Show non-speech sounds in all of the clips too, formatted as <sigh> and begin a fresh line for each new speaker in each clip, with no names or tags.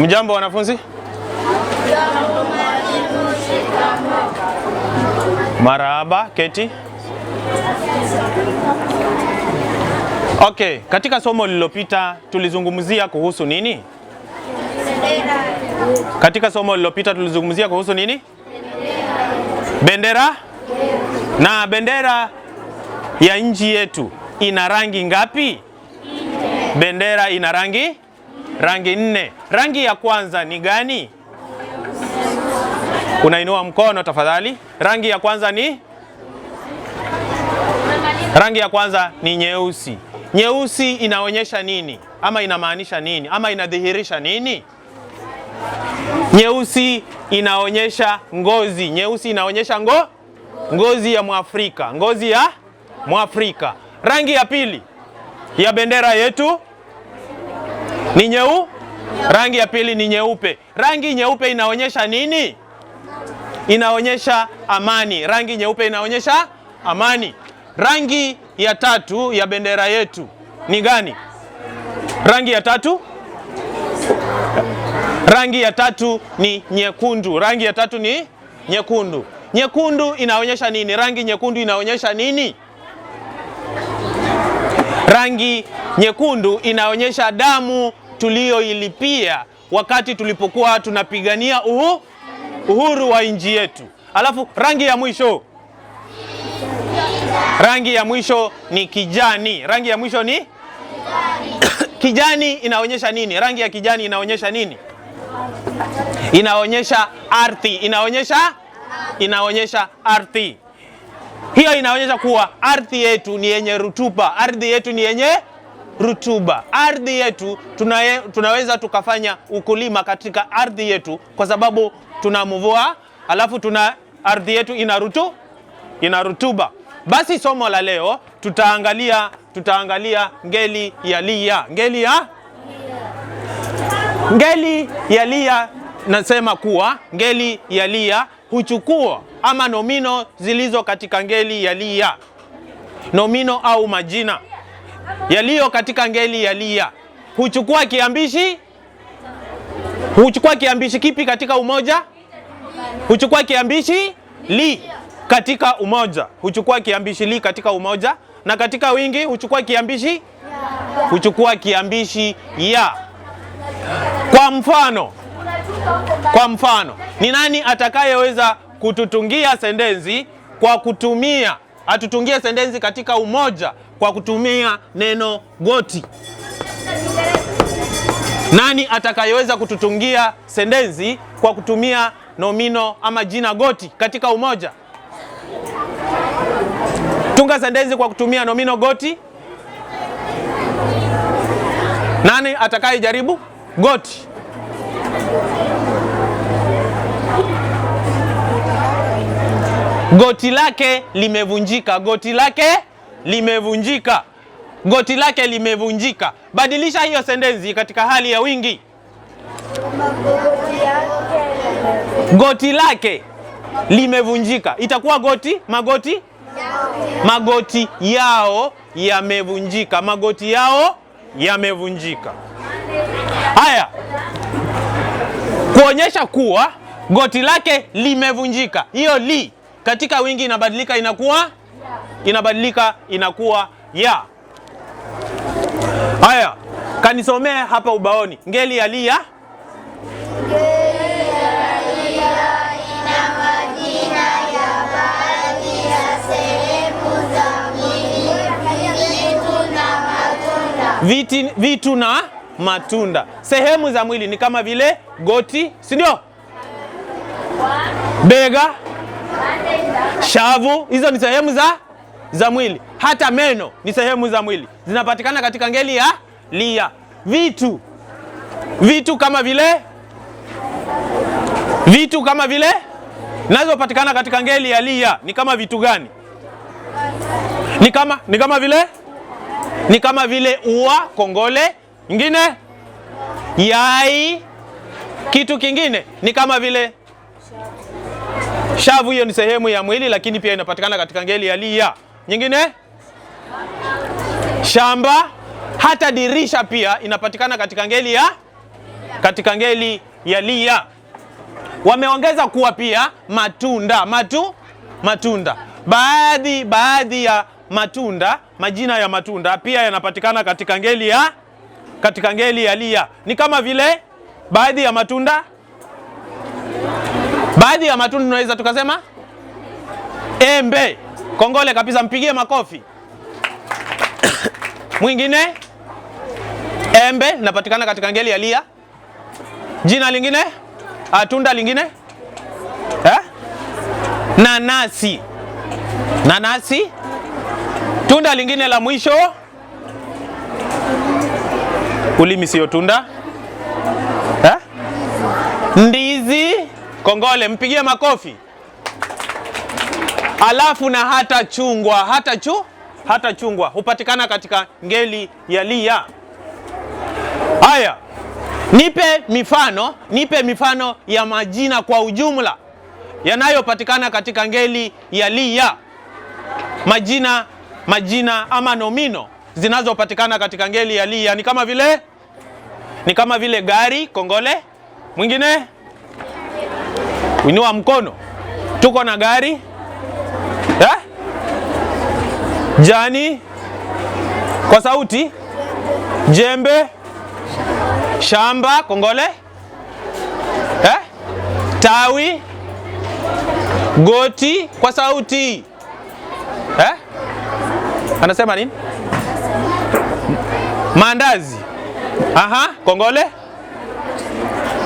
Mjambo wanafunzi, marahaba, keti. Okay, katika somo lililopita tulizungumzia kuhusu nini? Katika somo lililopita tulizungumzia kuhusu nini? Bendera. Na bendera ya nchi yetu ina rangi ngapi? Bendera ina rangi rangi nne. Rangi ya kwanza ni gani? Unainua mkono tafadhali. Rangi ya kwanza ni rangi ya kwanza ni nyeusi. Nyeusi inaonyesha nini ama inamaanisha nini ama inadhihirisha nini? Nyeusi inaonyesha ngozi. Nyeusi inaonyesha ngo ngozi ya Mwafrika, ngozi ya Mwafrika. Rangi ya pili ya bendera yetu ni nyeu, rangi ya pili ni nyeupe. Rangi nyeupe inaonyesha nini? Inaonyesha amani. Rangi nyeupe inaonyesha amani. Rangi ya tatu ya bendera yetu ni gani? Rangi ya tatu rangi ya tatu ni nyekundu. Rangi ya tatu ni nyekundu. Nyekundu inaonyesha nini? Rangi nyekundu inaonyesha nini? Rangi nyekundu inaonyesha damu tuliyoilipia wakati tulipokuwa tunapigania uhu, uhuru wa nchi yetu. Alafu rangi ya mwisho, rangi ya mwisho ni kijani. Rangi ya mwisho ni <coughs> kijani. Inaonyesha nini? Rangi ya kijani inaonyesha nini? Inaonyesha ardhi, inaonyesha inaonyesha ardhi. Hiyo inaonyesha kuwa ardhi yetu ni yenye rutuba, ardhi yetu ni yenye rutuba. Ardhi yetu tunaye, tunaweza tukafanya ukulima katika ardhi yetu kwa sababu tuna mvua, alafu tuna ardhi yetu ina rutu, ina rutuba. Basi somo la leo tutaangalia tutaangalia ngeli ya lia, ngeli ya ngeli ya lia. Nasema kuwa ngeli ya lia huchukua ama nomino zilizo katika ngeli ya lia, nomino au majina yaliyo katika ngeli ya lia huchukua kiambishi huchukua kiambishi kipi katika umoja? Huchukua kiambishi li katika umoja, huchukua kiambishi li katika umoja, na katika wingi huchukua kiambishi huchukua kiambishi ya. Kwa mfano, kwa mfano, ni nani atakayeweza kututungia sentensi kwa kutumia atutungie sentensi katika umoja kwa kutumia neno goti. Nani atakayeweza kututungia sentensi kwa kutumia nomino ama jina goti katika umoja? Tunga sentensi kwa kutumia nomino goti. Nani atakayejaribu? Goti. Goti lake limevunjika. Goti lake limevunjika, goti lake limevunjika. Badilisha hiyo sentensi katika hali ya wingi. Goti lake limevunjika, itakuwa goti magoti magoti yao yamevunjika, magoti yao yamevunjika. Haya, kuonyesha kuwa goti lake limevunjika, hiyo li katika wingi inabadilika, inakuwa inabadilika inakuwa ya. Haya, kanisomee hapa ubaoni. Ngeli ya lia Viti, vitu na matunda. Sehemu za mwili ni kama vile goti, si ndio? Bega, shavu, hizo ni sehemu za za mwili, hata meno ni sehemu za mwili, zinapatikana katika ngeli ya lia. Vitu vitu kama vile vitu kama vile nazopatikana katika ngeli ya lia ni kama vitu gani? Ni kama ni kama vile ni kama vile ua, kongole, nyingine yai, kitu kingine ni kama vile shavu. Hiyo ni sehemu ya mwili, lakini pia inapatikana katika ngeli ya lia nyingine shamba, hata dirisha pia inapatikana katika ngeli ya katika ngeli ya lia. Wameongeza kuwa pia matunda matu matunda, baadhi baadhi ya matunda, majina ya matunda pia yanapatikana katika ngeli ya katika ngeli ya lia. Ni kama vile baadhi ya matunda, baadhi ya matunda tunaweza tukasema embe Kongole kabisa, mpigie makofi. Mwingine embe napatikana katika ngeli ya lia. Jina lingine ah, tunda lingine eh? Nanasi, nanasi. Tunda lingine la mwisho, ulimi sio tunda eh? Ndizi. Kongole, mpigie makofi. Halafu na hata chungwa, hata chu hata chungwa hupatikana katika ngeli ya lia. Haya, nipe mifano, nipe mifano ya majina kwa ujumla yanayopatikana katika ngeli ya lia, majina majina ama nomino zinazopatikana katika ngeli ya lia ni kama vile ni kama vile gari, kongole. Mwingine, inua mkono. Tuko na gari eh? Jani kwa sauti, jembe, shamba, kongole eh? Tawi, goti kwa sauti eh? Anasema nini? Mandazi. Aha, kongole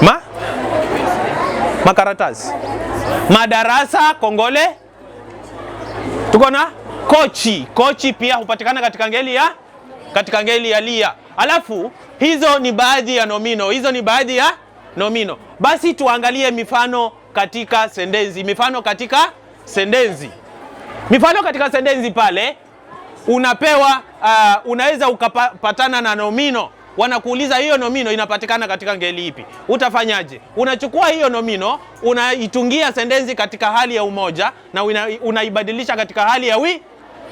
ma makaratasi, madarasa, kongole Tuko na kochi. Kochi pia hupatikana katika ngeli ya katika ngeli ya lia. Alafu hizo ni baadhi ya nomino, hizo ni baadhi ya nomino. Basi tuangalie mifano katika sendenzi, mifano katika sendenzi mifano katika sendenzi pale unapewa uh, unaweza ukapatana na nomino wanakuuliza hiyo nomino inapatikana katika ngeli ipi, utafanyaje? Unachukua hiyo nomino unaitungia sentensi katika hali ya umoja na unaibadilisha una katika hali ya wi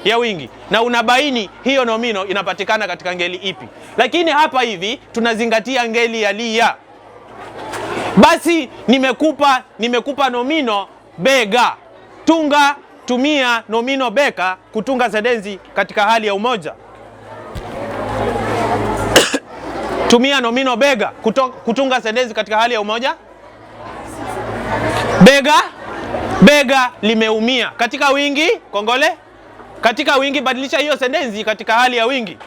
ya wingi na unabaini hiyo nomino inapatikana katika ngeli ipi. Lakini hapa hivi tunazingatia ngeli ya lia Basi nimekupa nimekupa nomino bega, tunga tumia nomino beka kutunga sentensi katika hali ya umoja. Tumia nomino bega kutunga sentensi katika hali ya umoja. Bega bega limeumia katika wingi. Kongole katika wingi, badilisha hiyo sentensi katika hali ya wingi.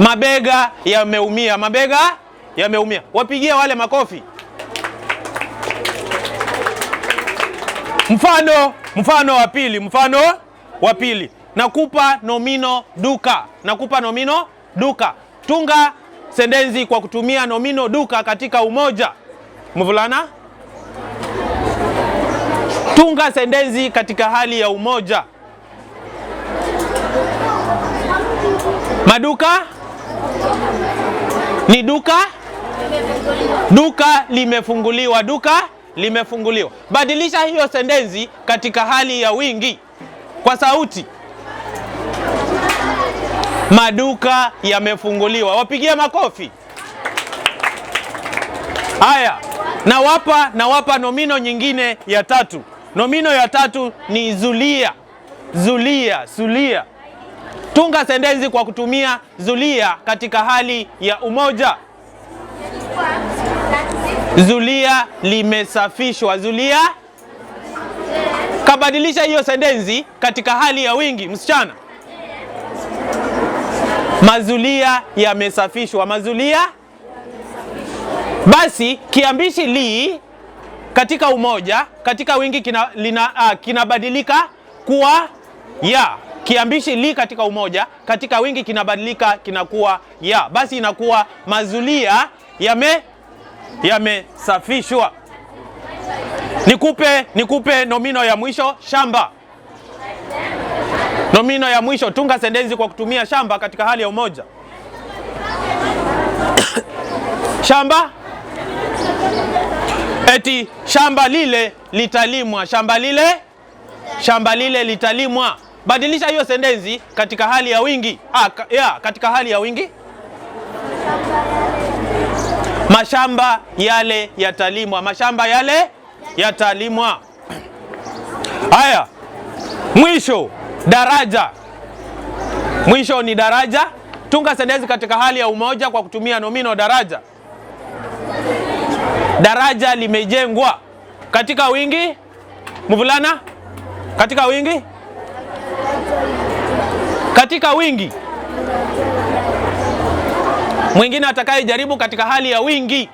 Mabega yameumia, mabega yameumia. Wapigie wale makofi. Mfano, mfano wa pili, mfano wa pili. Nakupa nomino duka, nakupa nomino duka. Tunga sendenzi kwa kutumia nomino duka katika umoja. Mvulana, tunga sendenzi katika hali ya umoja. Maduka ni duka, duka limefunguliwa, duka limefunguliwa. Badilisha hiyo sendenzi katika hali ya wingi kwa sauti. Maduka yamefunguliwa, wapigia makofi. Haya, nawapa nawapa nomino nyingine ya tatu. Nomino ya tatu ni zulia, zulia, zulia. Tunga sentensi kwa kutumia zulia katika hali ya umoja. Zulia limesafishwa. Zulia kabadilisha hiyo sentensi katika hali ya wingi, msichana Mazulia yamesafishwa. Mazulia basi, kiambishi li katika umoja katika wingi kina, lina, uh, kinabadilika kuwa ya. Kiambishi li katika umoja katika wingi kinabadilika kinakuwa ya, basi inakuwa mazulia yame yamesafishwa. Nikupe nikupe nomino ya mwisho shamba Nomino ya mwisho, tunga sentensi kwa kutumia shamba katika hali ya umoja. Shamba eti shamba lile litalimwa, shamba lile, shamba lile litalimwa. Badilisha hiyo sentensi katika hali ya wingi. Ah, ka, ya, katika hali ya wingi, mashamba yale yatalimwa, mashamba yale yatalimwa. Haya, mwisho Daraja mwisho ni daraja. Tunga sentensi katika hali ya umoja kwa kutumia nomino daraja. Daraja limejengwa katika wingi. Mvulana, katika wingi, katika wingi. Mwingine atakayejaribu katika hali ya wingi.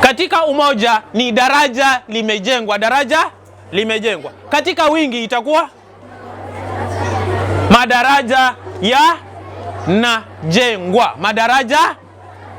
Katika umoja ni daraja limejengwa. Daraja limejengwa katika wingi itakuwa madaraja yanajengwa, madaraja